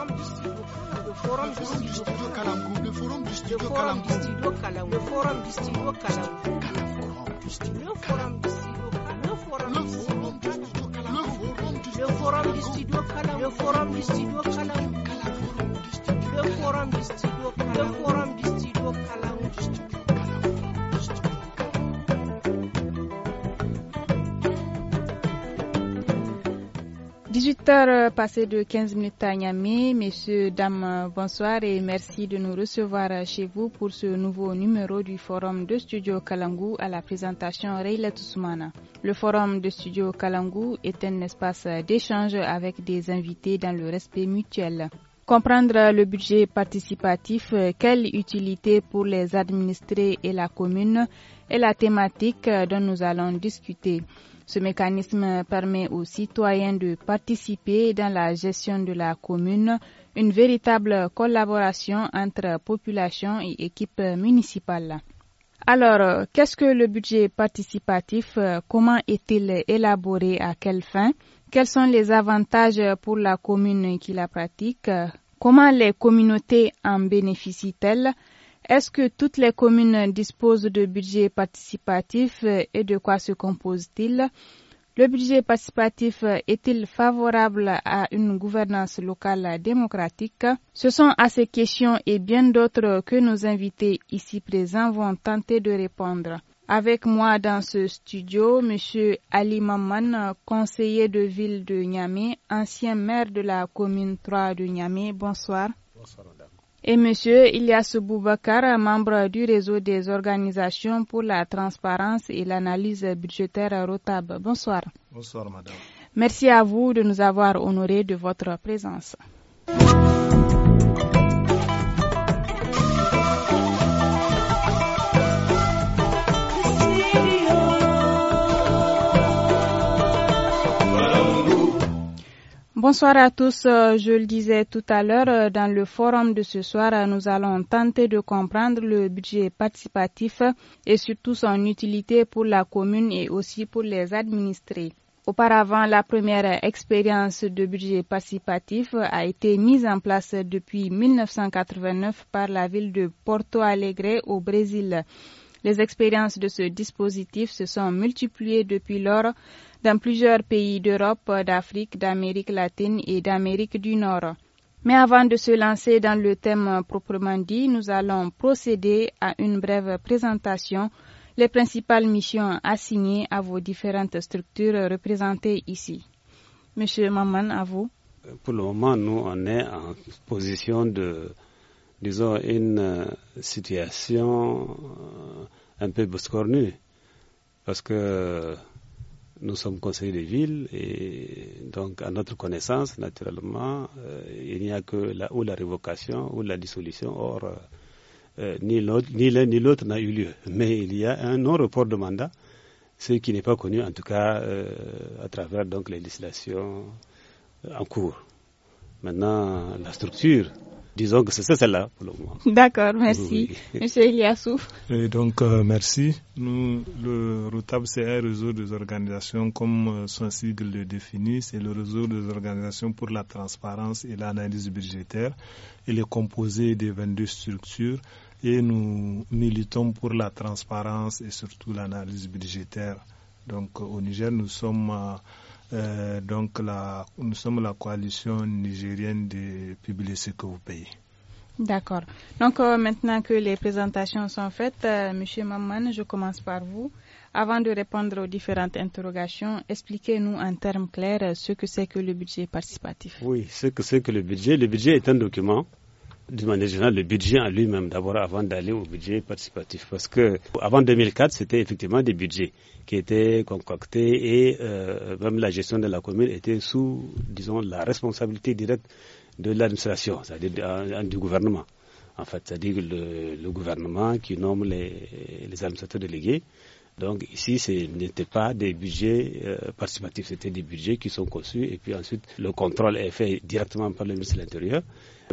forum du le forum du forum forum forum forum forum forum forum forum 8 heures passées de 15 minutes à Niamey. Messieurs, dames, bonsoir et merci de nous recevoir chez vous pour ce nouveau numéro du Forum de Studio Kalangu à la présentation Reila Toussoumana. Le Forum de Studio Kalangu est un espace d'échange avec des invités dans le respect mutuel. Comprendre le budget participatif, quelle utilité pour les administrés et la commune est la thématique dont nous allons discuter. Ce mécanisme permet aux citoyens de participer dans la gestion de la commune, une véritable collaboration entre population et équipe municipale. Alors, euh, qu'est-ce que le budget participatif euh, Comment est-il élaboré À quelle fin Quels sont les avantages pour la commune qui la pratique Comment les communautés en bénéficient-elles est-ce que toutes les communes disposent de budgets participatifs et de quoi se compose-t-il Le budget participatif est-il favorable à une gouvernance locale démocratique Ce sont à ces questions et bien d'autres que nos invités ici présents vont tenter de répondre. Avec moi dans ce studio, Monsieur Ali Maman, conseiller de ville de Niamey, ancien maire de la commune 3 de Niamey. Bonsoir. Et Monsieur Ilyas Boubacar, membre du réseau des organisations pour la transparence et l'analyse budgétaire Rotab. Bonsoir. Bonsoir, Madame. Merci à vous de nous avoir honorés de votre présence. Bonsoir à tous. Euh, je le disais tout à l'heure, euh, dans le forum de ce soir, euh, nous allons tenter de comprendre le budget participatif et surtout son utilité pour la commune et aussi pour les administrés. Auparavant, la première expérience de budget participatif a été mise en place depuis 1989 par la ville de Porto Alegre au Brésil. Les expériences de ce dispositif se sont multipliées depuis lors dans plusieurs pays d'Europe, d'Afrique, d'Amérique latine et d'Amérique du Nord. Mais avant de se lancer dans le thème proprement dit, nous allons procéder à une brève présentation les principales missions assignées à vos différentes structures représentées ici. Monsieur Maman, à vous. Pour le moment, nous, on est en position de disons, une euh, situation euh, un peu boscornue, parce que euh, nous sommes conseillers de ville et donc à notre connaissance, naturellement, il n'y a que la, ou la révocation ou la dissolution. Or, ni l'un ni l'autre n'a eu lieu. Mais il y a un non-report de mandat, ce qui n'est pas connu en tout cas à travers donc les législations en cours. Maintenant, la structure Disons que c'est celle-là pour le moment. D'accord, merci. Monsieur Yassouf. donc, euh, merci. Nous, le ROTAB, c'est un réseau des organisations, comme euh, son sigle le définit, c'est le réseau des organisations pour la transparence et l'analyse budgétaire. Il est composé de 22 structures et nous militons pour la transparence et surtout l'analyse budgétaire. Donc, euh, au Niger, nous sommes. Euh, donc la, nous sommes la coalition nigérienne de publier ce que vous payez. D'accord. Donc euh, maintenant que les présentations sont faites, M. Euh, Monsieur Maman, je commence par vous. Avant de répondre aux différentes interrogations, expliquez-nous en termes clairs ce que c'est que le budget participatif. Oui, ce que c'est que le budget. Le budget est un document d'une manière générale, le budget en lui-même, d'abord avant d'aller au budget participatif. Parce que avant 2004, c'était effectivement des budgets qui étaient concoctés et euh, même la gestion de la commune était sous, disons, la responsabilité directe de l'administration, c'est-à-dire du gouvernement. En fait, c'est-à-dire le, le, gouvernement qui nomme les, les administrateurs délégués donc ici, ce n'était pas des budgets euh, participatifs, c'était des budgets qui sont conçus et puis ensuite le contrôle est fait directement par le ministre de l'Intérieur.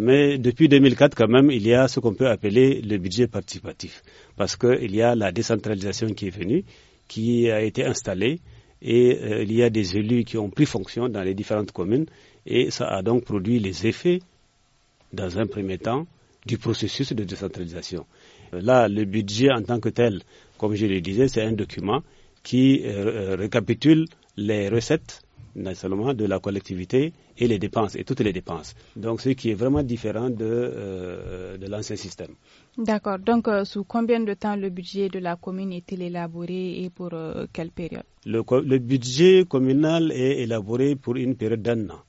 Mais depuis 2004, quand même, il y a ce qu'on peut appeler le budget participatif parce qu'il y a la décentralisation qui est venue, qui a été installée et euh, il y a des élus qui ont pris fonction dans les différentes communes et ça a donc produit les effets dans un premier temps du processus de décentralisation. Euh, là, le budget en tant que tel comme je le disais, c'est un document qui euh, euh, récapitule les recettes seulement de la collectivité et les dépenses, et toutes les dépenses. Donc, ce qui est vraiment différent de, euh, l'ancien système. D'accord. Donc, sous combien de temps le budget de la commune est-il élaboré et pour quelle période le, budget communal est élaboré pour une période d'un an.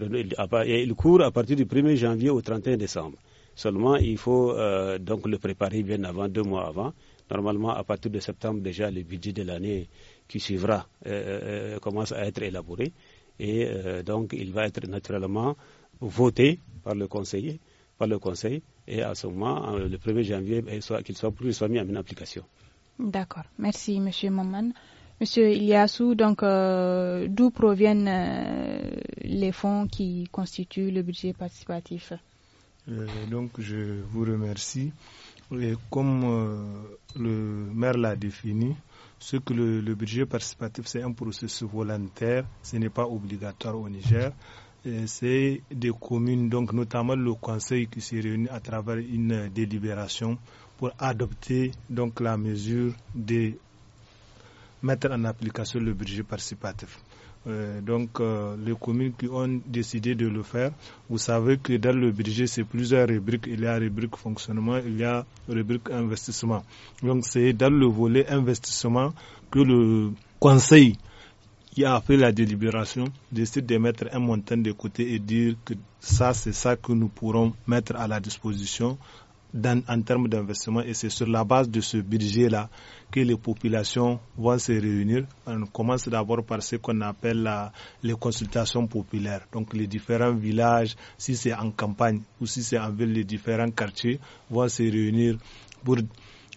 il court à partir du 1er janvier au 31 décembre. Seulement, il faut donc le préparer bien avant, deux mois avant, Normalement, à partir de septembre, déjà, le budget de l'année qui suivra euh, euh, commence à être élaboré. Et euh, donc, il va être naturellement voté par le conseiller, par le conseil. Et à ce moment, le 1er janvier, ben, qu'il soit, qu'il soit, mis en application. D'accord. Merci, Monsieur Maman. Monsieur Iliassou, donc d'où proviennent les fonds qui constituent le budget participatif Donc je vous remercie comme euh, le maire l'a défini, ce que le, budget participatif, c'est un processus volontaire, ce n'est pas obligatoire au Niger. C'est des communes, donc notamment le conseil qui s'est réuni à travers une délibération pour adopter donc la mesure de mettre en application le budget participatif. Euh, donc euh, les communes qui ont décidé de le faire. Vous savez que dans le budget, c'est plusieurs rubriques. Il y a rubrique fonctionnement, il y a rubrique investissement. Donc c'est dans le volet investissement que le conseil qui a fait la délibération décide de mettre un montant de côté et dire que ça, c'est ça que nous pourrons mettre à la disposition dans, en termes d'investissement et c'est sur la base de ce budget-là que les populations vont se réunir. On commence d'abord par ce qu'on appelle la, les consultations populaires. Donc les différents villages, si c'est en campagne ou si c'est en ville, les différents quartiers vont se réunir pour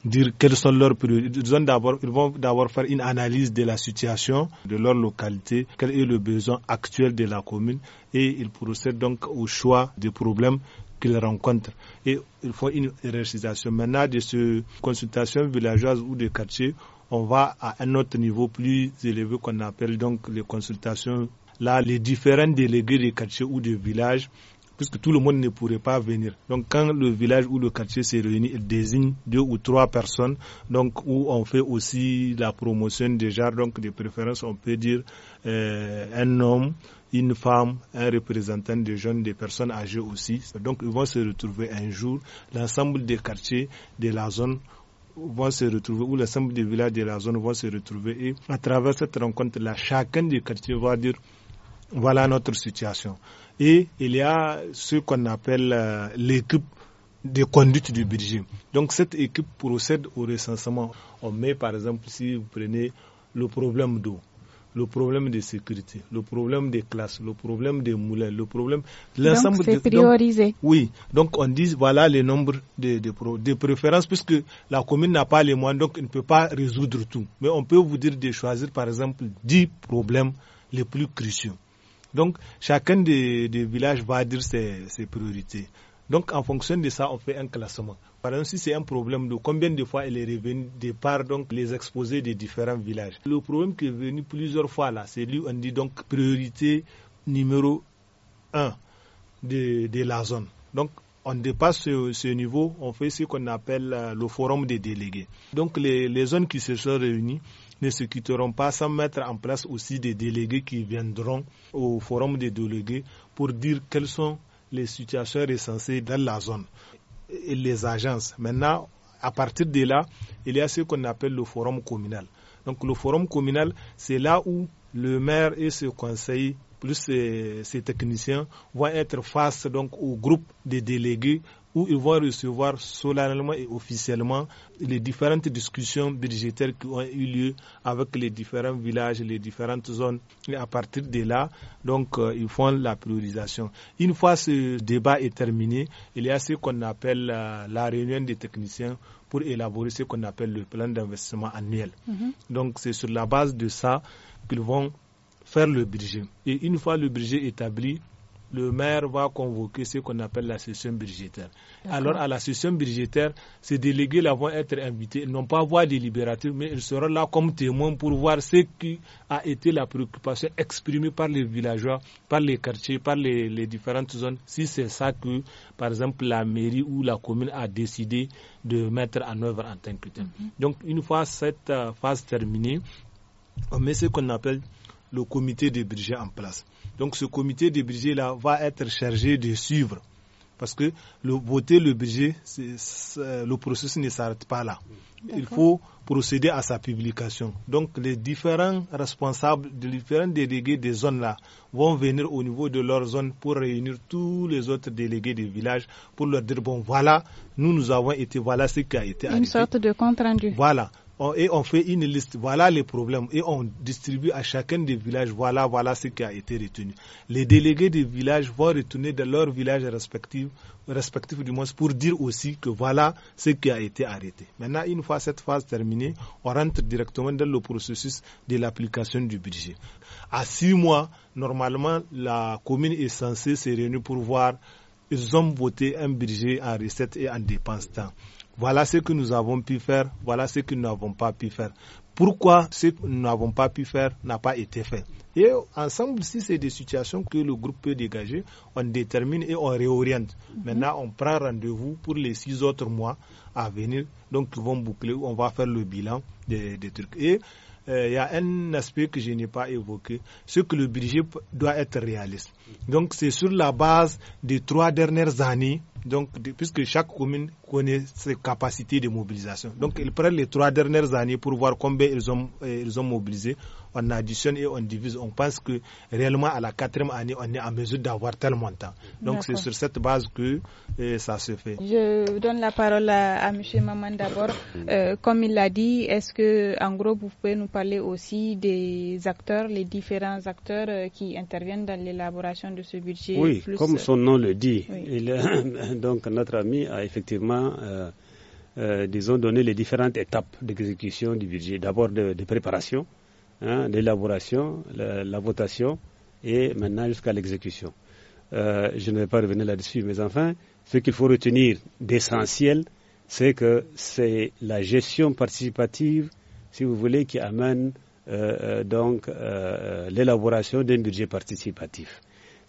dire quelles sont leurs priorités. Ils vont d'abord faire une analyse de la situation de leur localité, quel est le besoin actuel de la commune et ils procèdent donc au choix des problèmes qu'ils rencontrent. Et il faut une récitation. Maintenant, de ces consultations villageoises ou de quartier, on va à un autre niveau plus élevé qu'on appelle donc les consultations. Là, les différents délégués des quartiers ou des villages puisque tout le monde ne pourrait pas venir. Donc quand le village ou le quartier s'est réuni il désigne deux ou trois personnes, donc où on fait aussi la promotion des donc des préférences, on peut dire euh, un homme, une femme, un représentant des jeunes, des personnes âgées aussi. Donc ils vont se retrouver un jour, l'ensemble des quartiers de la zone vont se retrouver, ou l'ensemble des villages de la zone vont se retrouver. Et à travers cette rencontre-là, chacun des quartiers va dire, voilà notre situation. Et il y a ce qu'on appelle euh, l'équipe de conduite du budget. Donc cette équipe procède au recensement. On met par exemple, si vous prenez le problème d'eau, le problème de sécurité, le problème des classes, le problème des moulins, le problème l'ensemble. c'est priorisé. Donc, oui, donc on dit voilà les nombres de, préférences puisque la commune n'a pas les moyens, donc elle ne peut pas résoudre tout. Mais on peut vous dire de choisir par exemple 10 problèmes les plus cruciaux. Donc chacun des, villages va dire ses priorités. Donc, en fonction de ça, on fait un classement. Par exemple, si c'est un problème de combien de fois il est revenu Départ donc, les exposés des différents villages. Le problème qui est venu plusieurs fois là, c'est lui, on dit donc priorité numéro 1 de, la zone. Donc, on dépasse ce, niveau, on fait ce qu'on appelle euh, le forum des délégués. Donc les, les, zones qui se sont réunies ne se quitteront pas sans mettre en place aussi des délégués qui viendront au forum des délégués pour dire quels sont les situations recensées dans la zone et les agences. Maintenant, à partir de là, il y a ce qu'on appelle le forum communal. Donc le forum communal, c'est là où le maire et ses conseils plus euh, ses, techniciens vont être face donc au groupe des délégués où ils vont recevoir solennellement et officiellement les différentes discussions budgétaires qui ont eu lieu avec les différents villages, les différentes zones. Et à partir de là, donc, euh, ils font la priorisation. Une fois ce débat est terminé, il y a ce qu'on appelle euh, la réunion des techniciens pour élaborer ce qu'on appelle le plan d'investissement annuel. Mhm. Donc, c'est sur la base de ça qu'ils vont faire le budget. Et une fois le budget établi, le maire va convoquer ce qu'on appelle la session budgétaire. Alors, à la session budgétaire, ces délégués là vont être invités, ils n'ont pas voix délibérative, mais ils seront là comme témoins pour voir ce qui a été la préoccupation exprimée par les villageois, par les quartiers, par les, différentes zones, si c'est ça que, par exemple, la mairie ou la commune a décidé de mettre en œuvre en tant que tel. Mhm. Donc, une fois cette euh, phase terminée, on met ce qu'on appelle le comité des budget en place. Donc ce comité de budget-là va être chargé de suivre. Parce que le, voter le budget, le processus ne s'arrête pas là. Il faut procéder à sa publication. Donc les différents responsables, les différents délégués des zones-là vont venir au niveau de leur zone pour réunir tous les autres délégués des villages pour leur dire, bon voilà, nous nous avons été, voilà ce qui a été Une sorte de compte rendu. Voilà et on fait une liste, voilà les problèmes, et on distribue à chacun des villages, voilà, voilà ce qui a été retenu. Les délégués des villages vont retourner dans leurs villages respectifs du monde pour dire aussi que voilà ce qui a été arrêté. Maintenant, une fois cette phase terminée, on rentre directement dans le processus de l'application du budget. À six mois, normalement, la commune est censée se réunir pour voir, ils ont voté un budget en recettes et en dépenses temps. Voilà ce que nous avons pu faire, voilà ce que nous n'avons pas pu faire. Pourquoi ce que nous n'avons pas pu faire n'a pas été fait Et ensemble, si c'est des situations que le groupe peut dégager, on détermine et on réoriente. Mhm. Maintenant, on prend rendez-vous pour les six autres mois à venir, donc ils vont boucler, on va faire le bilan des, trucs. Et euh, il y a un aspect que je n'ai pas évoqué, c'est que le budget doit être réaliste. Mhm. Donc c'est sur la base des trois dernières années donc, puisque chaque commune connaît ses capacités de mobilisation. Donc, ils prennent les trois dernières années pour voir combien ils ont, eh, ils ont mobilisé on additionne et on divise. On pense que réellement à la quatrième année, on est en mesure d'avoir tel montant. Donc c'est sur cette base que euh, ça se fait. Je donne la parole à, M. Maman d'abord. Euh, comme il l'a dit, est-ce que en gros vous pouvez nous parler aussi des acteurs, les différents acteurs euh, qui interviennent dans l'élaboration de ce budget Oui, comme son nom le dit. donc notre ami a effectivement euh, disons, les différentes étapes d'exécution du budget. D'abord de, préparation, Hein, l'élaboration, la, votation et maintenant jusqu'à l'exécution. Euh, je ne vais pas revenir là-dessus, mais enfin, ce qu'il faut retenir d'essentiel, c'est que c'est la gestion participative, si vous voulez, qui amène euh, euh donc euh, euh, l'élaboration d'un budget participatif.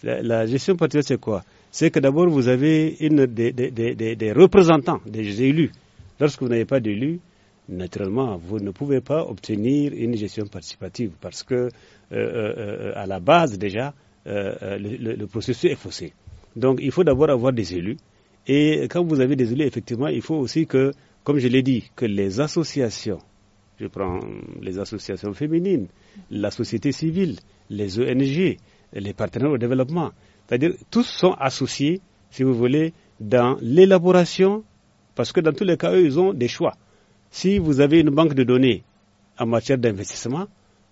La, gestion participative, c'est quoi C'est que d'abord, vous avez une, des, des, des, des représentants, des élus. Lorsque vous n'avez pas d'élus, naturellement, vous ne pouvez pas obtenir une gestion participative parce que, euh, euh, euh, à la base déjà, le, le processus est faussé. Donc, il faut d'abord avoir des élus. Et quand vous avez des élus, effectivement, il faut aussi que, comme je l'ai dit, que les associations, je prends hum, les associations féminines, la société civile, les ONG, les partenaires au développement, c'est-à-dire tous sont associés, si vous voulez, dans l'élaboration, parce que dans tous les cas, eux, ils ont des choix. Si vous avez une banque de données en matière d'investissement,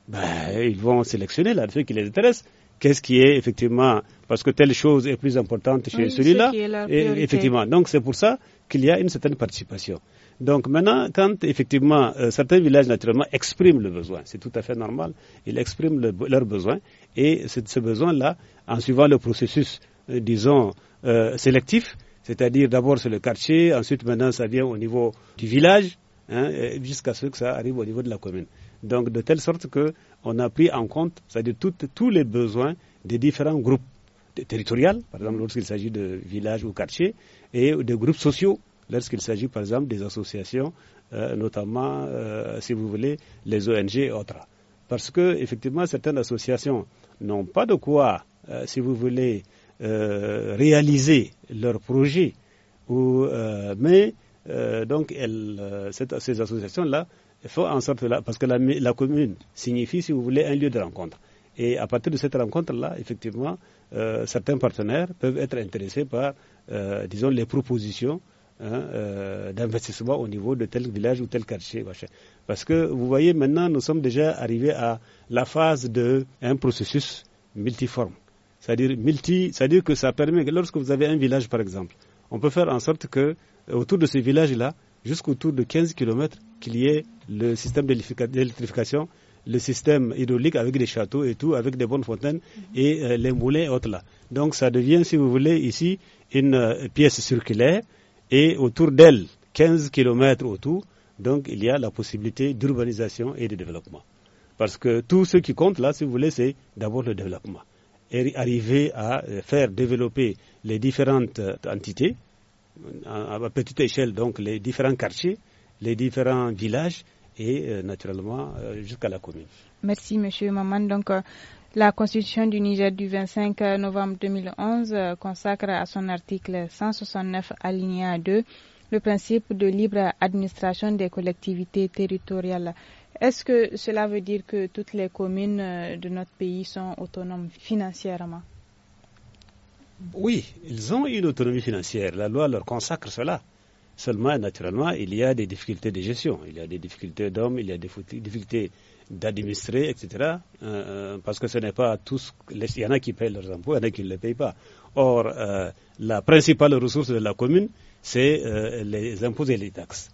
ben, ils vont sélectionner là, ceux qui les intéressent. Qu'est-ce qui est effectivement, parce que telle chose est plus importante chez celui-là. Effectivement. Donc c'est pour ça qu'il y a une certaine participation. Donc maintenant, quand effectivement euh, certains villages naturellement expriment le besoin, c'est tout à fait normal, ils expriment leurs besoins et ce besoin-là, en suivant le processus, euh, disons, euh, sélectif, c'est-à-dire d'abord c'est le quartier, ensuite maintenant ça vient au niveau du village, Hein, jusqu'à ce que ça arrive au niveau de la commune. Donc de telle sorte qu'on a pris en compte, ça de tous les besoins des différents groupes territoriaux, par exemple lorsqu'il s'agit de villages ou quartiers, et des groupes sociaux lorsqu'il s'agit par exemple des associations, euh, notamment, euh, si vous voulez, les ONG et autres. Parce que effectivement, certaines associations n'ont pas de quoi, euh, si vous voulez, réaliser leurs projets, ou, mais euh, donc, euh, ces associations-là font en sorte, parce que la, commune signifie, si vous voulez, un lieu de rencontre. Et à partir de cette rencontre-là, effectivement, euh, certains partenaires peuvent être intéressés par, disons, les propositions hein, d'investissement au niveau de tel village ou tel quartier. Parce que vous voyez, maintenant, nous sommes déjà arrivés à la phase d'un processus multiforme. C'est-à-dire multi, c'est-à-dire que ça permet que lorsque vous avez un village, par exemple, on peut faire en sorte que euh, autour de ces villages-là, jusqu'autour de 15 km, qu'il y ait le système d'électrification, le système hydraulique avec des châteaux et tout, avec des bonnes fontaines mhm. et euh, les moulins et autres là. Donc ça devient, si vous voulez, ici une euh, pièce circulaire et autour d'elle, 15 km autour, donc il y a la possibilité d'urbanisation et de développement. Parce que tout ce qui compte là, si vous voulez, c'est d'abord le développement. Et arriver à faire développer les différentes entités, à, petite échelle, donc les différents quartiers, les différents villages et euh, naturellement euh, jusqu'à la commune. Merci, Monsieur Maman. Donc, euh, la Constitution du Niger du 25 novembre 2011 consacre à son article 169 alinéa 2 le principe de libre administration des collectivités territoriales. Est-ce que cela veut dire que toutes les communes de notre pays sont autonomes financièrement oui, ils ont une autonomie financière. La loi leur consacre cela. Seulement, naturellement, il y a des difficultés de gestion, il y a des difficultés d'hommes, il y a des difficultés d'administrer, etc. Euh, euh, parce que ce n'est pas tous. Les, il y en a qui payent leurs impôts, il y en a qui ne les payent pas. Or, euh, la principale ressource de la commune, c'est les impôts et les taxes.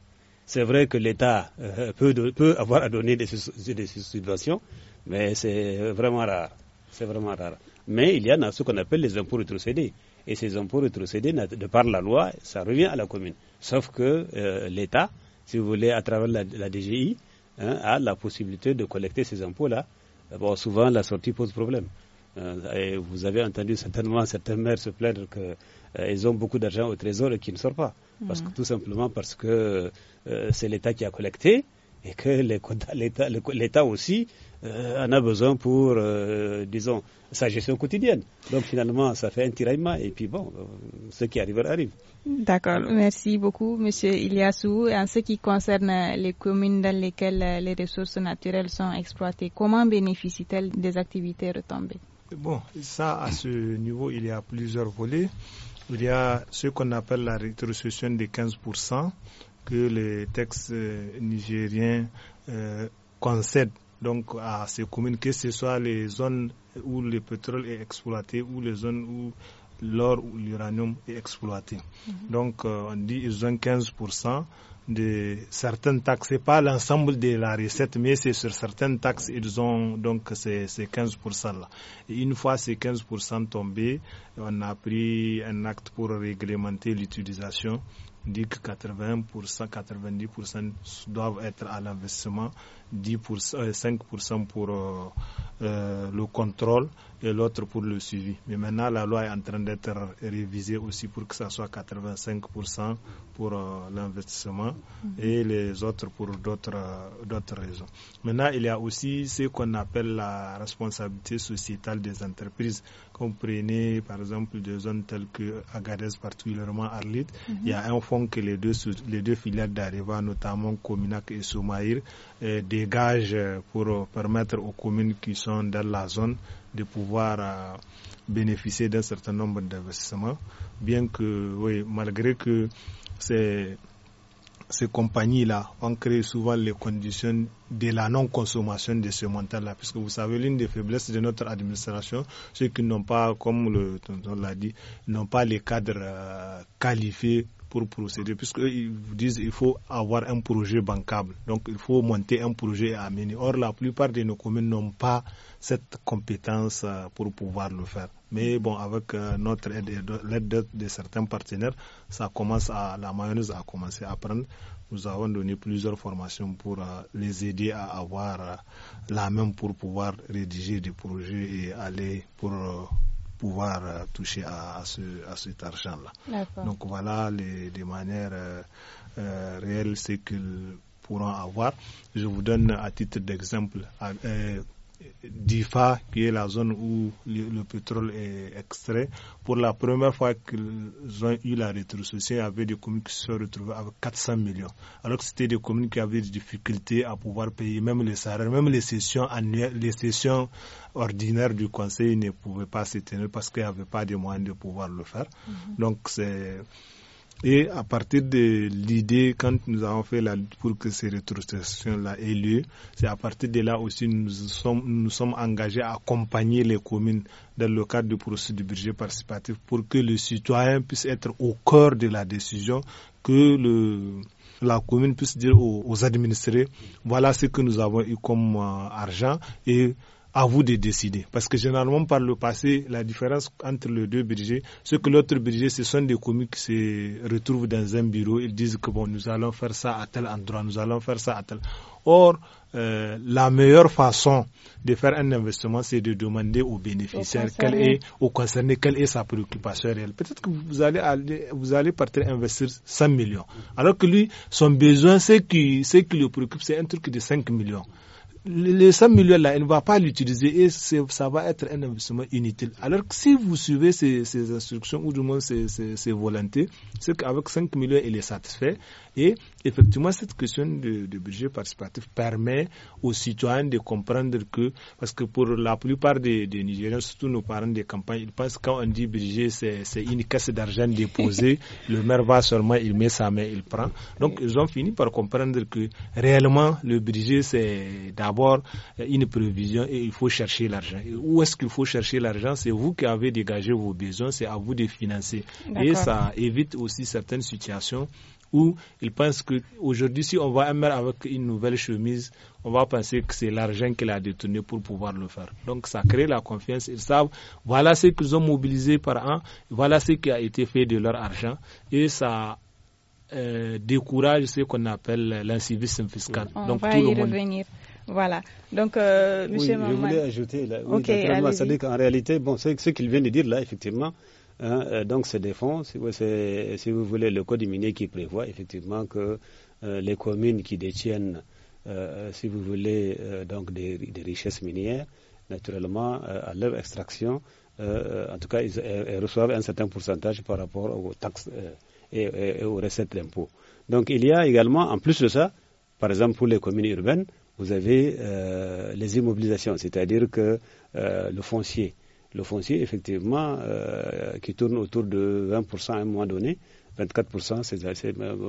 C'est vrai que l'État peut, peut, avoir à donner des, des subventions, mais c'est vraiment rare. C'est vraiment rare mais il y en a ce qu'on appelle les impôts rétrocédés. Et ces impôts rétrocédés, de par la loi, ça revient à la commune. Sauf que euh, l'État, si vous voulez, à travers la, DGI, hein, a la possibilité de collecter ces impôts-là. Bon, souvent, la sortie pose problème. Euh, et vous avez entendu certainement certains maires se plaindre qu'ils euh, ont beaucoup d'argent au trésor et qui ne sort pas. Parce mhm. que, tout simplement parce que c'est l'État qui a collecté et que l'État aussi euh, en a besoin pour, euh, disons, sa gestion quotidienne. Donc finalement, ça fait un tiraillement et puis bon, euh, ce qui arrive arrive. D'accord, merci beaucoup, Monsieur Iliassou. En ce qui concerne les communes dans lesquelles les ressources naturelles sont exploitées, comment bénéficient-elles des activités retombées Bon, ça, à ce niveau, il y a plusieurs volets. Il y a ce qu'on appelle la rétrocession de 15% que les textes euh, nigériens euh, concèdent donc à ces communes, que ce soit les zones où le pétrole est exploité ou les zones où l'or ou l'uranium est exploité. Mhm. Donc euh, on dit ils ont 15% de certaines taxes, c'est pas l'ensemble de la recette, mais c'est sur certaines taxes, ils ont donc ces, ces 15%-là. Et une fois ces 15% tombés, on a pris un acte pour réglementer l'utilisation dit que 80%, 90% doivent être à l'investissement 10 5% pour euh, euh, euh, le contrôle et l'autre pour le suivi. Mais maintenant, la loi est en train d'être révisée aussi pour que ça soit 85% pour l'investissement mhm. et les autres pour d'autres raisons. Maintenant, il y a aussi ce qu'on appelle la responsabilité sociétale des entreprises. comprenez par exemple des zones telles que Agadez, particulièrement Arlit, mhm. il y a un fonds que les deux, les deux filiales d'Areva, notamment Cominac et Soumaïr, des euh, pour euh, permettre aux communes qui sont dans la zone de pouvoir euh, bénéficier d'un certain nombre d'investissements, bien que, oui, malgré que ces, ces compagnies-là ont créé souvent les conditions de la non-consommation de ce montant-là, puisque vous savez, l'une des faiblesses de notre administration, ceux qui n'ont pas, comme le tonton l'a dit, n'ont pas les cadres qualifiés pour procéder, puisqu'ils vous disent qu'il faut avoir un projet bancable. Donc, il faut monter un projet à mener. Or, la plupart de nos communes n'ont pas cette compétence euh, pour pouvoir le faire. Mais bon, avec euh, notre aide l'aide de certains partenaires, ça commence à, la mayonnaise a commencé à prendre. Nous avons donné plusieurs formations pour euh, les aider à avoir la même pour pouvoir rédiger des projets et aller pour pouvoir euh, toucher à, ce, à cet argent-là. Donc voilà les, manières euh, euh, réelles, c'est qu'ils pourront avoir. Je vous donne à titre d'exemple d'IFA, qui est la zone où le, pétrole est extrait, pour la première fois qu'ils ont eu la rétrocession, il y avait des communes qui se retrouvaient avec 400 millions. Alors que c'était des communes qui avaient des difficultés à pouvoir payer même les salaires, même les sessions annuelles, les sessions ordinaires du conseil ne pouvaient pas se tenir parce qu'il n'y avait pas de moyens de pouvoir le faire. Mhm. Donc c'est et à partir de l'idée, quand nous avons fait la lutte pour que ces rétrocessions-là aient lieu, c'est à partir de là aussi nous sommes, nous sommes engagés à accompagner les communes dans le cadre du processus du budget participatif pour que le citoyen puisse être au cœur de la décision, que le, la commune puisse dire aux, administrés, voilà ce que nous avons eu comme euh, argent et à vous de décider. Parce que généralement, par le passé, la différence entre les deux budgets, ce que l'autre budget, ce sont des commis qui se retrouvent dans un bureau. Ils disent que bon, nous allons faire ça à tel endroit, nous allons faire ça à tel. Or, euh, la meilleure façon de faire un investissement, c'est de demander aux bénéficiaires, quel est, aux concernés, quelle est sa préoccupation réelle. Peut-être que vous allez aller, vous allez partir investir 5 millions. Alors que lui, son besoin, c'est qui, c'est qui le préoccupe, c'est un truc de 5 millions les 100 millions là, elle ne va pas l'utiliser et ça va être un investissement inutile. Alors que si vous suivez ces, instructions ou du moins ces, volontés, c'est qu'avec 5 millions, il est satisfait. Et effectivement, cette question de, budget participatif permet aux citoyens de comprendre que, parce que pour la plupart des, des Nigériens, surtout nos parents des campagnes, ils pensent que quand on dit budget, c'est une caisse d'argent déposée, le maire va seulement, il met sa main, il prend. Donc ils ont fini par comprendre que réellement, le budget, c'est d'avoir d'abord euh, une prévision et il faut chercher l'argent. Où est-ce qu'il faut chercher l'argent C'est vous qui avez dégagé vos besoins, c'est à vous de financer. Et ça évite aussi certaines situations où ils pensent qu'aujourd'hui, si on voit un maire avec une nouvelle chemise, on va penser que c'est l'argent qu'il a détenu pour pouvoir le faire. Donc ça crée la confiance. Ils savent, voilà ce qu'ils ont mobilisé par an, voilà ce qui a été fait de leur argent. Et ça euh, décourage ce qu'on appelle l'incivisme fiscal. Donc, tout le monde... revenir. Voilà. Donc, euh, oui, Je voulais ajouter, là, oui, cest dire qu'en réalité, bon, ce, qu'il vient de dire là, effectivement, hein, euh, donc c'est des fonds, si vous, voulez, le code minier qui prévoit effectivement que euh, les communes qui détiennent, euh, si vous voulez, donc des, richesses minières, naturellement, à leur extraction, en tout cas, ils, reçoivent un certain pourcentage par rapport aux taxes et, aux recettes d'impôts. Donc, il y a également, en plus de ça, par exemple, pour les communes urbaines, vous avez euh, les immobilisations, c'est-à-dire que euh, le foncier, le foncier effectivement euh, qui tourne autour de 20% à un moment donné, 24% c'est à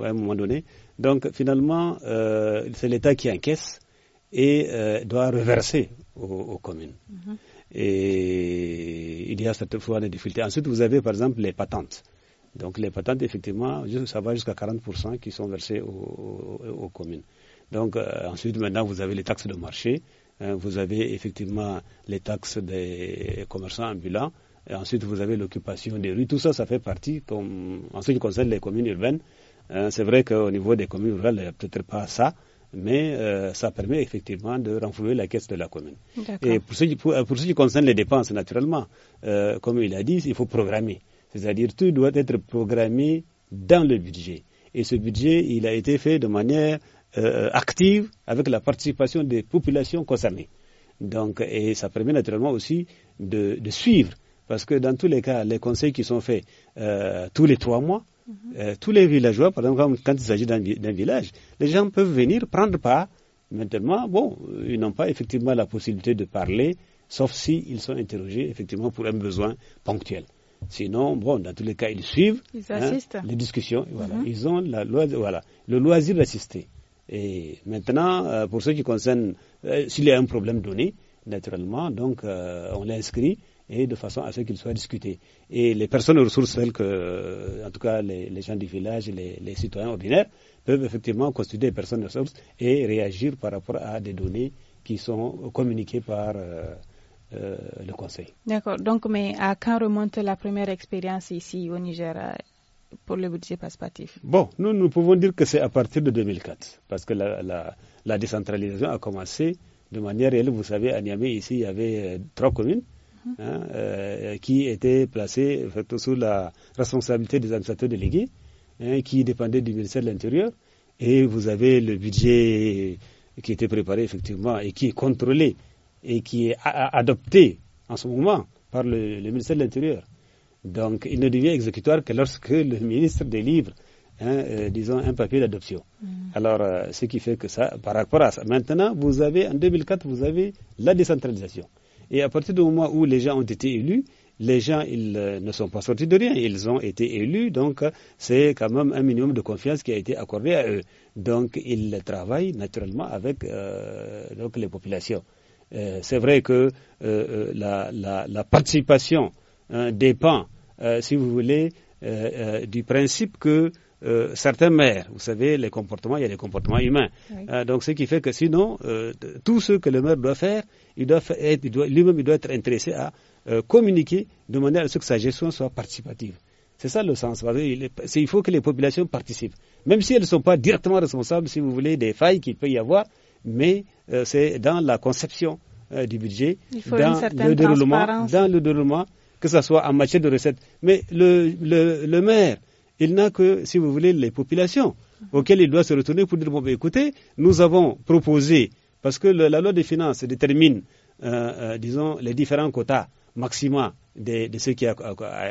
un moment donné. Donc finalement, c'est l'État qui encaisse et doit reverser aux, communes. Mm-hmm. Et il y a cette fois des difficultés. Ensuite, vous avez par exemple les patentes. Donc les patentes, effectivement, ça va jusqu'à 40% qui sont versées aux communes. Donc euh, ensuite, maintenant, vous avez les taxes de marché, hein, vous avez effectivement les taxes des commerçants ambulants, et ensuite vous avez l'occupation des rues. Tout ça, ça fait partie, comme, en ce qui concerne les communes urbaines. Hein. c'est vrai qu'au niveau des communes rurales, il n'y a peut-être pas ça, mais euh, ça permet effectivement de renflouer la caisse de la commune. Et pour ce, qui, qui, concerne les dépenses, naturellement, euh, comme il a dit, il faut programmer. C'est-à-dire tout doit être programmé dans le budget. Et ce budget, il a été fait de manière euh, active avec la participation des populations concernées. Donc, et ça permet naturellement aussi de, suivre, parce que dans tous les cas, les conseils qui sont faits euh, tous les trois mois, mhm. euh, tous les villageois, par exemple, quand il s'agit d'un village, les gens peuvent venir prendre part. Maintenant, bon, ils n'ont pas effectivement la possibilité de parler, sauf s'ils ils sont interrogés effectivement pour un besoin ponctuel. Sinon, bon, dans tous les cas, ils suivent hein, les discussions. Mhm. Ils ont la, voilà, le loisir d'assister. Et maintenant, euh, pour ce qui concerne, euh, s'il y a un problème donné, naturellement, donc euh, on l'inscrit et de façon à ce qu'il soit discuté. Et les personnes ressources, telles que, en tout cas les, gens du village, les, citoyens ordinaires, peuvent effectivement constituer des personnes ressources et réagir par rapport à des données qui sont communiquées par le Conseil. D'accord. Donc, mais à quand remonte la première expérience ici au Niger pour le budget participatif Bon, nous, nous pouvons dire que c'est à partir de 2004, parce que la, la, décentralisation a commencé de manière réelle. Vous savez, à Niamey, ici, il y avait euh, trois communes. Mhm. Hein, euh, qui étaient placées sous la responsabilité des administrateurs délégués, hein, qui dépendaient du ministère de l'Intérieur. Et vous avez le budget qui était préparé effectivement et qui est contrôlé et qui est adopté en ce moment par le ministère de l'Intérieur. Donc, il ne devient exécutoire que lorsque le ministre délivre, hein, euh, disons, un papier d'adoption. Mm. Alors, euh, ce qui fait que ça, par rapport à ça, maintenant, vous avez, en 2004, vous avez la décentralisation. Et à partir du moment où les gens ont été élus, les gens ils euh, ne sont pas sortis de rien, ils ont été élus, donc c'est quand même un minimum de confiance qui a été accordé à eux. Donc ils travaillent naturellement avec donc les populations. c'est vrai que la, participation hein, dépend euh, si vous voulez, euh, euh, du principe que certains maires, vous savez, les comportements, il y a des comportements humains. donc, ce qui fait que sinon, tout ce que le maire doit faire, il lui-même, il doit être intéressé à communiquer de manière à ce que sa gestion soit participative. C'est ça le sens. Il, il, faut que les populations participent. Même si elles ne sont pas directement responsables, si vous voulez, des failles qu'il peut y avoir, mais c'est dans la conception du budget, dans le, déroulement, dans le déroulement, que ce soit en matière de recettes. Mais le, maire, il n'a que, si vous voulez, les populations auxquelles il doit se retourner pour dire, bon, ben, écoutez, nous avons proposé, parce que la loi des finances détermine, euh, euh, disons, les différents quotas maxima de, ceux qui a,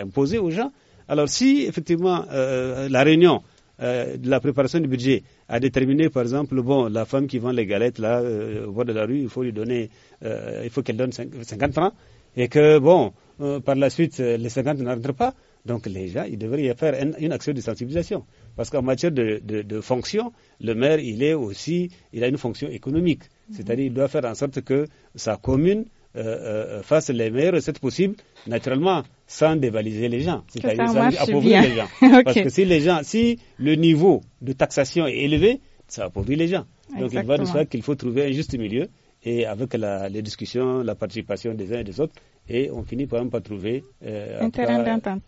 imposé aux gens. Alors si effectivement euh, la réunion de la préparation du budget a déterminé par exemple bon la femme qui vend les galettes là au bord de la rue il faut lui donner il faut qu'elle donne 50 francs et que bon euh, par la suite, euh, les 50 n'entrent pas. Donc les gens, ils devraient y faire une, action de sensibilisation. Parce qu'en matière de, fonction, le maire, il est aussi, il a une fonction économique. Mhm. C'est-à-dire, il doit faire en sorte que sa commune euh, fasse les meilleures recettes possibles, naturellement, sans dévaliser les gens. C'est-à-dire, sans appauvrir les gens. Parce que si les gens, si le niveau de taxation est élevé, ça appauvrit les gens. Donc il va de soi qu'il faut trouver un juste milieu et avec les discussions, la participation des uns et des autres, et on finit par ne pas trouver euh,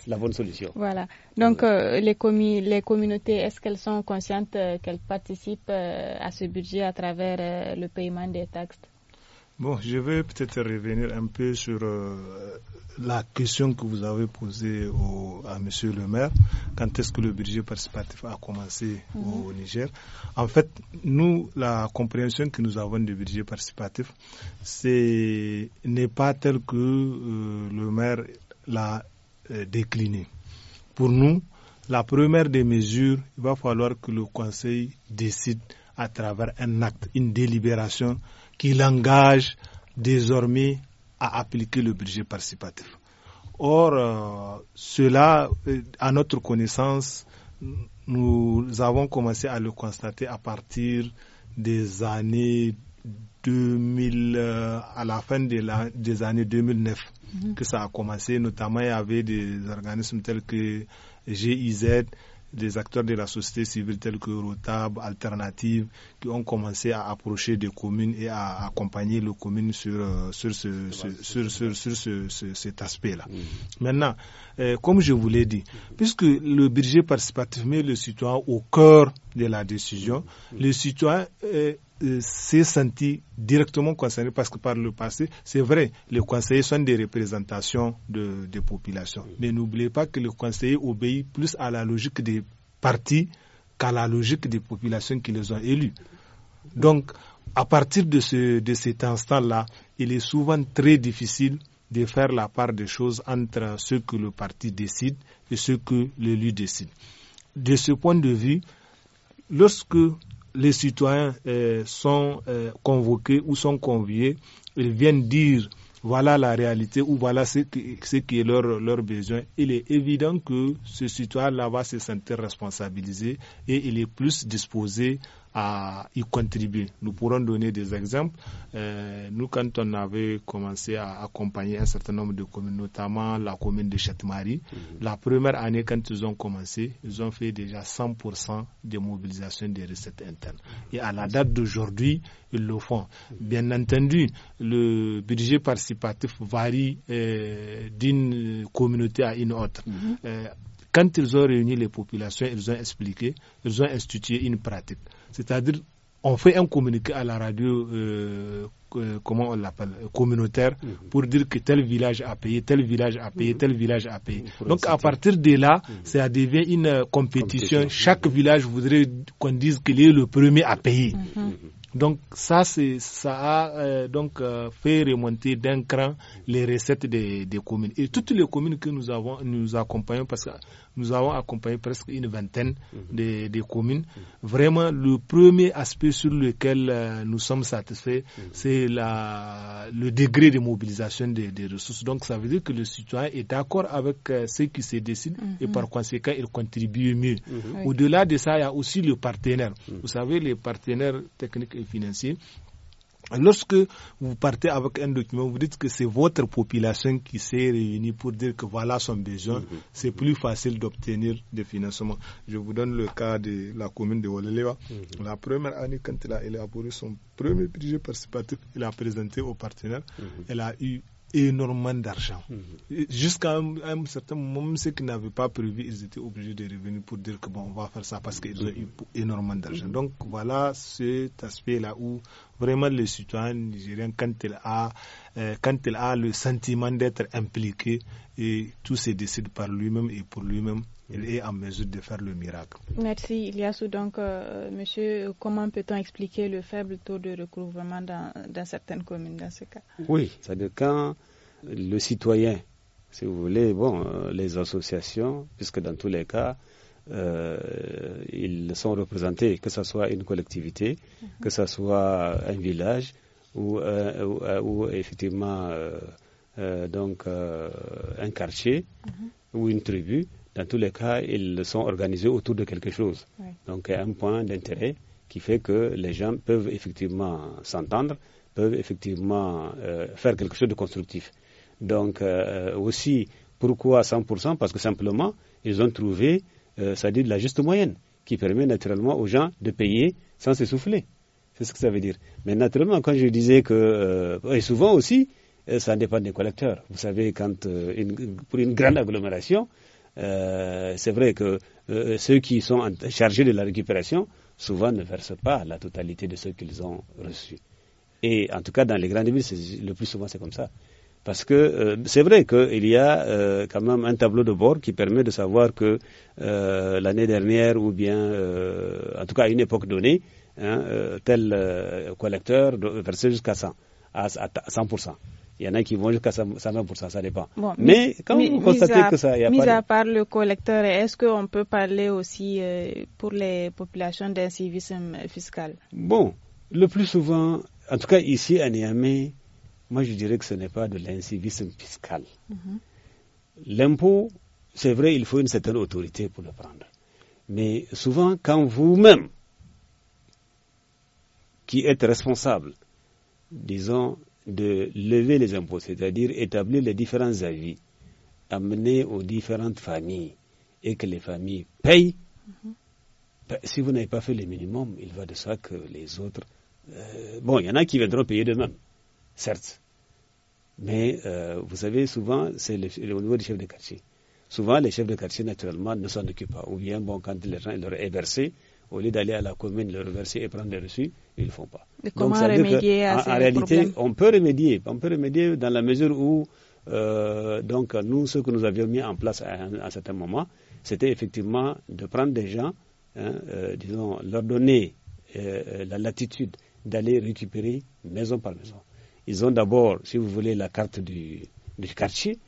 la bonne solution. Voilà. Donc euh, les, les communautés, est-ce qu'elles sont conscientes euh, qu'elles participent à ce budget à travers le paiement des taxes Bon, je vais peut-être revenir un peu sur euh, la question que vous avez posée au, à Monsieur le maire. Quand est-ce que le budget participatif a commencé au mhm. Niger En fait, nous, la compréhension que nous avons du budget participatif, c'est n'est pas telle que euh, le maire l'a euh, décliné. Pour nous, la première des mesures, il va falloir que le Conseil décide à travers un acte, une délibération qui l'engage désormais à appliquer le budget participatif. Or, euh, cela, euh, à notre connaissance, nous avons commencé à le constater à partir des années 2000, euh, à la fin des années 2009, mhm. que ça a commencé. Notamment, il y avait des organismes tels que GIZ des acteurs de la société civile tels que Rotab, Alternative, qui ont commencé à approcher des communes et à accompagner les communes euh, sur, sur, ce, sur, sur, sur cet aspect-là. Mm. Maintenant, euh, comme je vous l'ai dit, puisque le budget participatif met le citoyen au cœur de la décision, mm. le citoyen... Euh, euh, s'est senti directement concerné parce que par le passé, c'est vrai, les conseillers sont des représentations de, des populations. Mais n'oubliez pas que les conseillers obéissent plus à la logique des partis qu'à la logique des populations qui les ont élus. Donc, à partir de, ce, de cet instant-là, il est souvent très difficile de faire la part des choses entre ce que le parti décide et ce que l'élu décide. De ce point de vue, lorsque les citoyens euh, sont euh, convoqués ou sont conviés, ils viennent dire voilà la réalité ou voilà ce qui, est leur, leur besoin. Il est évident que ce citoyen-là va se sentir responsabilisé et il est plus disposé à y contribuer. Nous pourrons donner des exemples. Euh, nous, quand on avait commencé à accompagner un certain nombre de communes, notamment la commune de Châte-Marie, mhm. la première année, quand ils ont commencé, ils ont fait déjà 100% de mobilisation des recettes internes. Et à la date d'aujourd'hui, ils le font. Bien entendu, le budget participatif varie euh, d'une communauté à une autre. Mhm. Euh, quand ils ont réuni les populations, ils ont expliqué, ils ont institué une pratique. C'est-à-dire, on fait un communiqué à la radio, euh, euh, comment on l'appelle, communautaire, mhm. pour dire que tel village a payé, tel village a payé, mhm. tel village a payé. Mhm. Donc, à partir de là, ça devient une euh, compétition. Chaque village voudrait qu'on dise qu'il est le premier à payer. Donc ça, ça a donc fait remonter d'un cran les recettes des, des, communes. Et toutes les communes que nous avons, nous accompagnons parce que nous avons accompagné presque une vingtaine mhm. de, communes. Vraiment, le premier aspect sur lequel euh, nous sommes satisfaits, mhm. c'est le degré de mobilisation des, ressources. Donc, ça veut dire que le citoyen est d'accord avec euh, ce qui se décide mhm. et par conséquent, il contribue mieux. Au-delà de ça, il y a aussi le partenaire. Vous savez, les partenaires techniques et financiers Lorsque vous partez avec un document, vous dites que c'est votre population qui s'est réunie pour dire que voilà son besoin. Mhm. C'est plus facile d'obtenir des financements. Je vous donne le cas de la commune de Walelewa. Mhm. La première année, quand elle a élaboré son premier budget participatif, elle a présenté aux partenaires. Mhm. Elle a eu énormément d'argent. Mhm. Jusqu'à un, certain moment, ceux qui n'avaient pas prévu, ils étaient obligés de revenir pour dire que bon, on va faire ça parce qu'ils ont eu mhm. énormément d'argent. Mhm. Donc voilà cet aspect-là où vraiment le citoyen nigérien, quand il a, euh, quand il a le sentiment d'être impliqué, et tout se décide par lui-même et pour lui-même, il est en mesure de faire le miracle. Merci Ilyasu Donc, euh, monsieur, comment peut-on expliquer le faible taux de recouvrement dans, certaines communes dans ce cas Oui, c'est-à-dire quand le citoyen, si vous voulez, bon, euh, les associations, puisque dans tous les cas, euh, ils sont représentés, que ce soit une collectivité, que ce soit un village ou, effectivement donc un quartier mhm. ou une tribu dans tous les cas, ils sont organisés autour de quelque chose. Donc, un point d'intérêt qui fait que les gens peuvent effectivement s'entendre, peuvent effectivement euh, faire quelque chose de constructif. Donc, euh, aussi, pourquoi 100% Parce que simplement, ils ont trouvé, euh, cest ça dit, de la juste moyenne qui permet naturellement aux gens de payer sans s'essouffler. C'est ce que ça veut dire. Mais naturellement, quand je disais que, et souvent aussi, ça dépend des collecteurs. Vous savez, quand pour une grande agglomération, euh, c'est vrai que euh, ceux qui sont chargés de la récupération, souvent ne versent pas la totalité de ce qu'ils ont reçu. Et en tout cas, dans les grandes villes, le plus souvent, c'est comme ça. Parce que euh, c'est vrai qu'il y a quand même un tableau de bord qui permet de savoir que l'année dernière, ou bien en tout cas à une époque donnée, hein, tel collecteur versait jusqu'à à, 100%. Il y en a qui vont jusqu'à 120%, ça dépend. mais comme vous constatez que ça... Y a mis à part le collecteur, est-ce qu'on peut parler aussi euh, pour les populations d'un fiscal Bon, le plus souvent, en tout cas ici à Niamey, moi je dirais que ce n'est pas de l'incivisme fiscal. Mhm. L'impôt, c'est vrai, il faut une certaine autorité pour le prendre. Mais souvent, quand vous-même, qui êtes responsable, disons, de lever les impôts, c'est-à-dire établir les différents avis, amener aux différentes familles et que les familles payent, mhm. si vous n'avez pas fait le minimum, il va de soi que les autres. Euh, bon, il y en a qui viendront payer d'eux-mêmes, certes. Mais euh, vous savez, souvent, c'est au niveau du chef de quartier. Souvent, les chefs de quartier, naturellement, ne s'en occupent pas. Ou bien, bon, quand l'argent leur est versé, au lieu d'aller à la commune, le reverser et prendre les reçus, ils ne font pas. comment remédier à ces problèmes en réalité, on peut remédier. On peut remédier dans la mesure où euh, donc nous, ce que nous avions mis en place à, un certain moment, c'était effectivement de prendre des gens, hein, euh, disons, leur donner euh, la latitude d'aller récupérer maison par maison. Ils ont d'abord, si vous voulez, la carte du, du, quartier.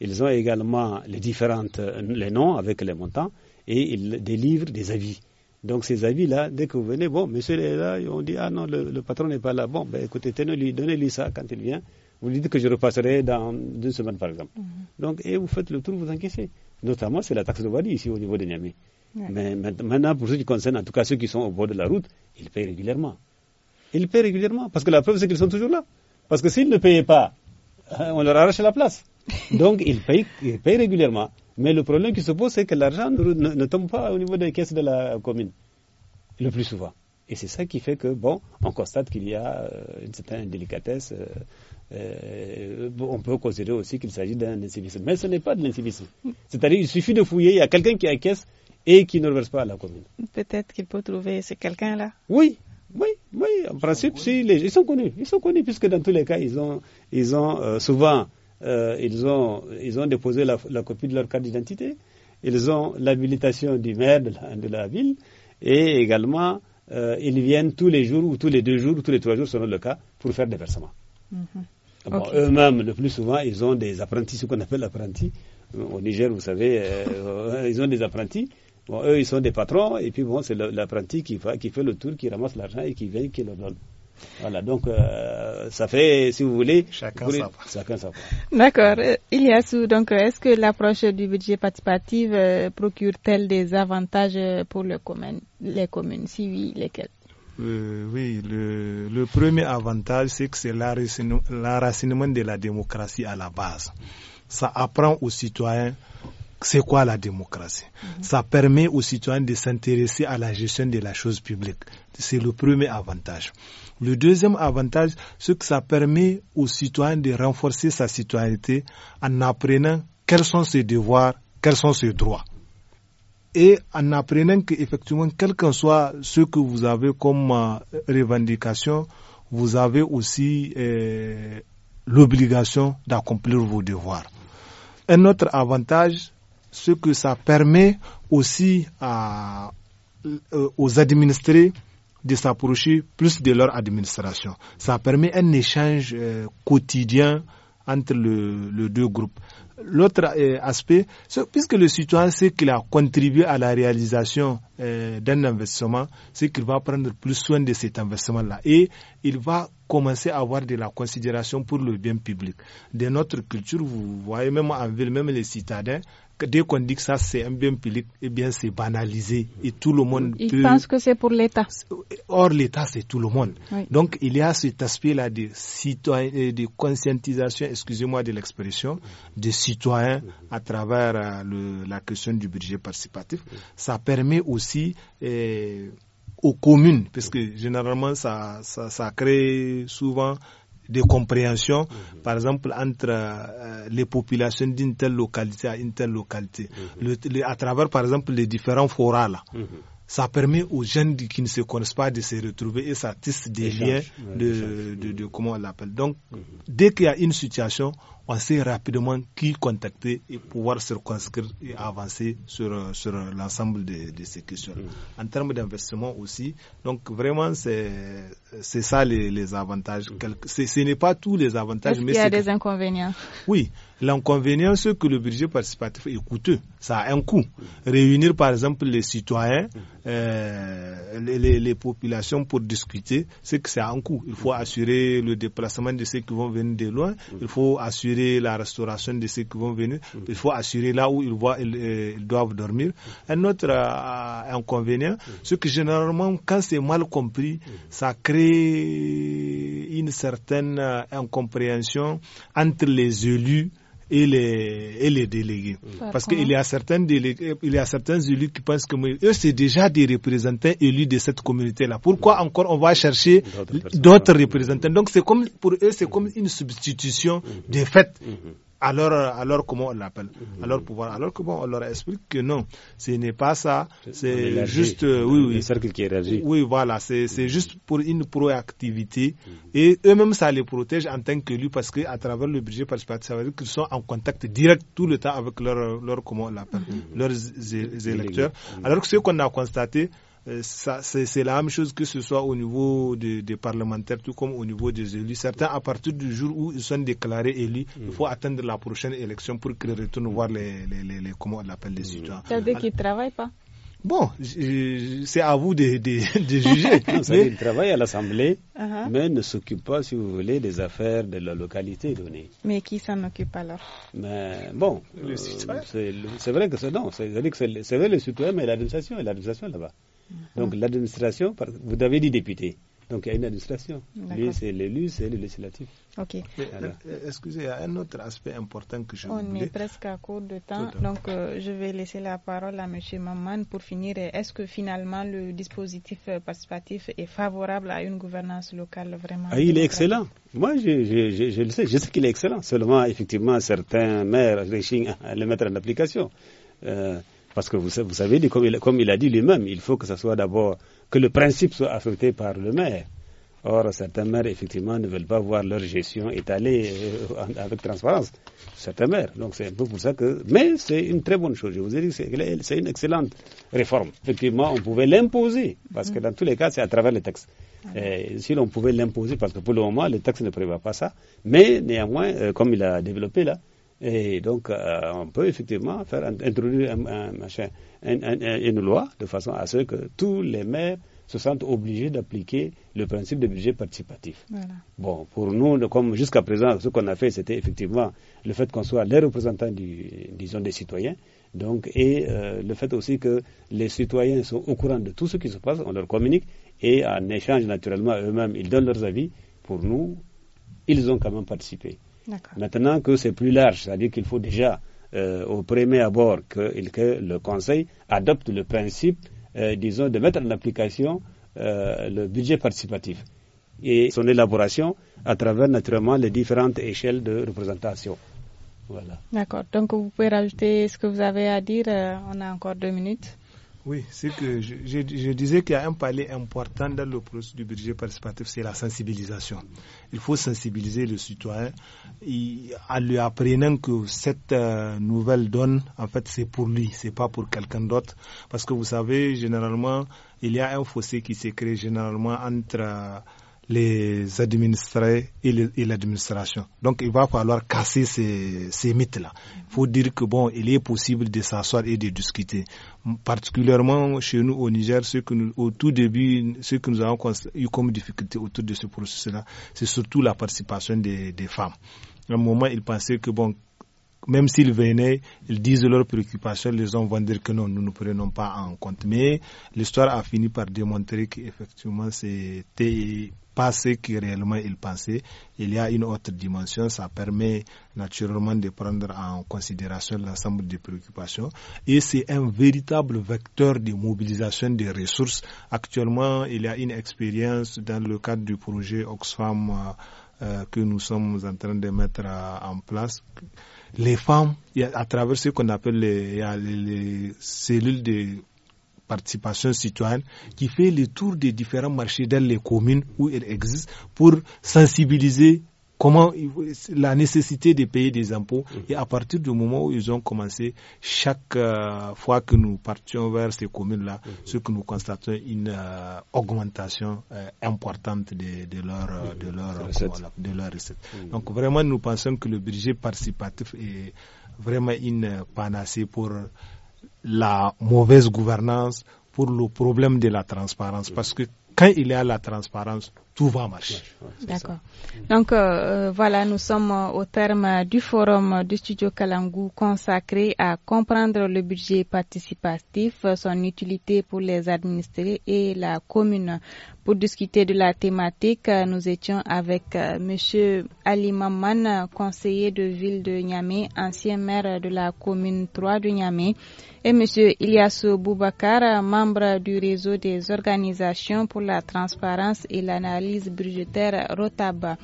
Ils ont également les différentes les noms avec les montants et ils délivrent des avis. Donc ces avis-là, dès que vous venez, bon, monsieur est là, on dit, ah non, le, patron n'est pas là. Bon, ben écoutez, tenez-lui, donnez-lui ça quand il vient. Vous lui dites que je repasserai dans une semaine, par exemple. Mhm. Donc, et vous faites le tour, vous encaissez. Notamment, c'est la taxe de Wadi ici au niveau de Niamey. Mais maintenant, pour ceux qui concernent, en tout cas ceux qui sont au bord de la route, ils payent régulièrement. Ils payent régulièrement, parce que la preuve, c'est qu'ils sont toujours là. Parce que s'ils ne payaient pas, euh, on leur arrache la place. Donc, ils payent, ils payent régulièrement. Mais le problème qui se pose, c'est que l'argent ne, tombe pas au niveau des caisses de la commune, le plus souvent. Et c'est ça qui fait que, bon, on constate qu'il y a euh, une certaine délicatesse. Euh, euh, on peut considérer aussi qu'il s'agit d'un incivisme. Mais ce n'est pas de l'incivisme. C'est-à-dire, il suffit de fouiller, il y a quelqu'un qui a une caisse et qui ne reverse pas à la commune. Peut-être qu'il peut trouver ce quelqu'un-là. Oui, oui, oui. En principe, si ils sont connus. Ils sont connus puisque dans tous les cas, ils ont, ils ont souvent euh, ils, ont, ils ont déposé la, copie de leur carte d'identité, ils ont l'habilitation du maire de la, ville, et également, euh, ils viennent tous les jours, ou tous les deux jours, ou tous les trois jours, selon le cas, pour faire des versements. Mhm. Eux-mêmes, le plus souvent, ils ont des apprentis, ce qu'on appelle apprentis. Au Niger, vous savez, euh, ils ont des apprentis. eux, ils sont des patrons, et puis bon, c'est l'apprenti qui, qui fait le tour, qui ramasse l'argent et qui vient, qui le donne. Voilà, donc euh, ça fait, si vous voulez, chacun, sa sa part. D'accord. Euh, Iliassou, donc euh, est-ce que l'approche du budget participatif procure-t-elle des avantages pour les communes Si oui, lesquels oui, le, premier avantage, c'est que c'est l'enracinement de la démocratie à la base. Ça apprend aux citoyens c'est quoi la démocratie. Mhm. Ça permet aux citoyens de s'intéresser à la gestion de la chose publique. C'est le premier avantage. Le deuxième avantage, c'est que ça permet aux citoyens de renforcer sa citoyenneté en apprenant quels sont ses devoirs, quels sont ses droits. Et en apprenant qu'effectivement, quel que soit ce que vous avez comme euh, revendication, vous avez aussi euh, l'obligation d'accomplir vos devoirs. Un autre avantage, c'est que ça permet aussi à, euh, aux administrés de s'approcher plus de leur administration. Ça permet un échange euh, quotidien entre le, les deux groupes. L'autre euh, aspect, puisque le citoyen sait qu'il a contribué à la réalisation euh, d'un investissement, c'est qu'il va prendre plus soin de cet investissement-là et il va commencer à avoir de la considération pour le bien public. Dans notre culture, vous voyez, même en ville, même les citadins, dès qu'on dit que ça c'est un bien public, eh bien c'est banalisé et tout le monde. il pense que c'est pour l'État. Or l'État c'est tout le monde. Donc il y a cet aspect-là de citoyen, euh, de conscientisation, excusez-moi de l'expression, des citoyens à travers euh, la question du budget participatif. Ça permet aussi euh, aux communes, parce que généralement ça, ça, ça crée souvent de compréhension, par exemple, entre euh, les populations d'une telle localité à une telle localité, le, à travers, par exemple, les différents forats. Là. Mhm. Ça permet aux jeunes qui ne se connaissent pas de se retrouver et ça tisse des liens de, de, de, mhm. comment on l'appelle. Donc, mhm. dès qu'il y a une situation, on sait rapidement qui contacter et pouvoir circonscrire et avancer sur, sur l'ensemble de, ces questions. Mm. En termes d'investissement aussi, donc vraiment c'est ça les, les avantages. Mm. Ce n'est pas tous les avantages, mais il y a des inconvénients. Oui, l'inconvénient c'est que le budget participatif est coûteux, ça a un coût. Mm. Réunir par exemple les citoyens, euh, les, les, les, populations pour discuter, c'est que ça a un coût. Il faut assurer le déplacement de ceux qui vont venir de loin, il faut assurer la restauration de ceux qui vont venir. Il faut assurer là où ils, voient, ils, euh, doivent dormir. Un autre euh, inconvénient, c'est que généralement, quand c'est mal compris, ça crée une certaine euh, incompréhension entre les élus et les, et les délégués. Mm. Parce qu'il y a certains délégués, il y a certains élus qui pensent que eux, c'est déjà des représentants élus de cette communauté-là. Pourquoi mm. encore on va chercher d'autres représentants? Donc c'est comme, pour eux, c'est comme une substitution mm. des faits. Mm-hmm. Alors comment on l'appelle, pouvoir. Alors comment on leur explique que non, ce n'est pas ça, c'est juste, euh, oui, oui. Oui, voilà, c'est juste pour une proactivité. Mm-hmm. Et eux-mêmes, ça les protège en tant que lui parce qu'à travers le budget participatif, ça veut dire qu'ils sont en contact direct tout le temps avec leur, leur comment on l'appelle, mm-hmm. leurs électeurs. Alors que ce qu'on a constaté, euh, c'est la même chose que ce soit au niveau des, des, parlementaires, tout comme au niveau des élus. Certains, à partir du jour où ils sont déclarés élus, il faut attendre la prochaine élection pour qu'ils retournent voir les, comment on appelle les citoyens. C'est-à-dire qu'ils ne travaillent pas Bon, c'est à vous de, de, juger. non, ça travaillent à l'Assemblée, uh-huh. mais ne s'occupent pas, si vous voulez, des affaires de la localité donnée. Mais qui s'en occupe alors Mais bon, euh, c'est vrai que c'est non, c'est vrai que c'est le citoyen, mais l'administration, l'administration là-bas. Mm-hmm. Donc l'administration, vous avez dit député. Donc il y a une administration. Lui, c'est l'élu, c'est le législatif. Ok. Euh, euh, excusez, il y a un autre aspect important que je On est presque à court de temps, donc euh, je vais laisser la parole à M. Maman pour finir. Est-ce que finalement le dispositif participatif est favorable à une gouvernance locale vraiment ah, Il est excellent. Moi, je, le sais. Je sais qu'il est excellent. Seulement, effectivement, certains maires réussissent à le mettre en application. Parce que vous, savez, comme il, a dit lui-même, il faut que ce soit d'abord, que le principe soit affecté par le maire. Or, certains maires, effectivement, ne veulent pas voir leur gestion étalée euh, avec transparence. Certains maires. Donc, c'est un peu pour ça que. Mais c'est une très bonne chose. Je vous ai dit que c'est une excellente réforme. Effectivement, on pouvait l'imposer. Parce que mm. dans tous les cas, c'est à travers les texte. Ah si l'on pouvait l'imposer, parce que pour le moment, le texte ne prévoit pas ça. Mais néanmoins, euh, comme il a développé là, et donc, euh, on peut effectivement faire introduire une loi de façon à ce que tous les maires se sentent obligés d'appliquer le principe de budget participatif. Bon, pour nous, comme jusqu'à présent, ce qu'on a fait, c'était effectivement le fait qu'on soit les représentants, disons, des citoyens, donc, et euh, le fait aussi que les citoyens sont au courant de tout ce qui se passe, on leur communique, et en échange, naturellement, eux-mêmes, ils donnent leurs avis. Pour nous, ils ont quand même participé. Maintenant que c'est plus large, c'est-à-dire qu'il faut déjà euh, au premier abord que, le Conseil adopte le principe, euh, disons, de mettre en application euh, le budget participatif et son élaboration à travers naturellement les différentes échelles de représentation. Voilà. D'accord. Donc vous pouvez rajouter ce que vous avez à dire. On a encore deux minutes. Oui, c'est que je, je, disais qu'il y a un palais important dans le processus du budget participatif, c'est la sensibilisation. Il faut sensibiliser le citoyen en lui apprenant que cette euh, nouvelle donne, en fait, c'est pour lui, c'est pas pour quelqu'un d'autre. Parce que vous savez, généralement, il y a un fossé qui se crée généralement entre euh, les administrés et l'administration. Donc il va falloir casser ces, mythes-là. Il faut dire que bon, il est possible de s'asseoir et de discuter. Particulièrement chez nous au Niger, ce que nous, au tout début, ce que nous avons eu comme difficulté autour de ce processus-là, c'est surtout la participation des, femmes. À un moment, ils pensaient que bon, même s'ils venaient, ils disent leurs préoccupations, les hommes vont dire que non, nous ne prenons pas en compte. Mais l'histoire a fini par démontrer qu'effectivement, c'était pas ce que réellement ils pensaient. Il y a une autre dimension, ça permet naturellement de prendre en considération l'ensemble des préoccupations et c'est un véritable vecteur de mobilisation des ressources. Actuellement, il y a une expérience dans le cadre du projet Oxfam euh, euh, que nous sommes en train de mettre euh, en place. Les femmes, à travers ce qu'on appelle les cellules de participation citoyenne qui fait le tour des différents marchés dans les communes où elle existe pour sensibiliser comment la nécessité de payer des impôts. Mm. Et à partir du moment où ils ont commencé, chaque euh, fois que nous partions vers ces communes-là, mm. ce que nous constatons une euh, augmentation euh, importante de, de leurs de mm. leur, de leur recette Donc vraiment, nous pensons que le budget participatif est vraiment une panacée pour la mauvaise gouvernance, pour le problème de la transparence. Parce que quand il y a la transparence, tout va marcher. D'accord. Mm. Donc euh, euh, voilà, nous sommes euh, au terme du forum du studio Kalangou consacré à comprendre le budget participatif, son utilité pour les administrés et la commune. Pour discuter de la thématique, euh, nous étions avec euh, Monsieur Ali Mamman, euh, conseiller de ville de Niamey, ancien maire de la commune 3 de Niamey, et Monsieur Ilyas Boubakar, membre du réseau des organisations pour la transparence et l'analyse budgétaire Rotaba.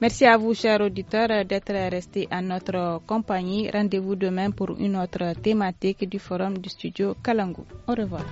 Merci à vous, chers auditeurs, d'être restés à notre compagnie. Rendez-vous demain pour une autre thématique du forum du studio Kalangu. Au revoir.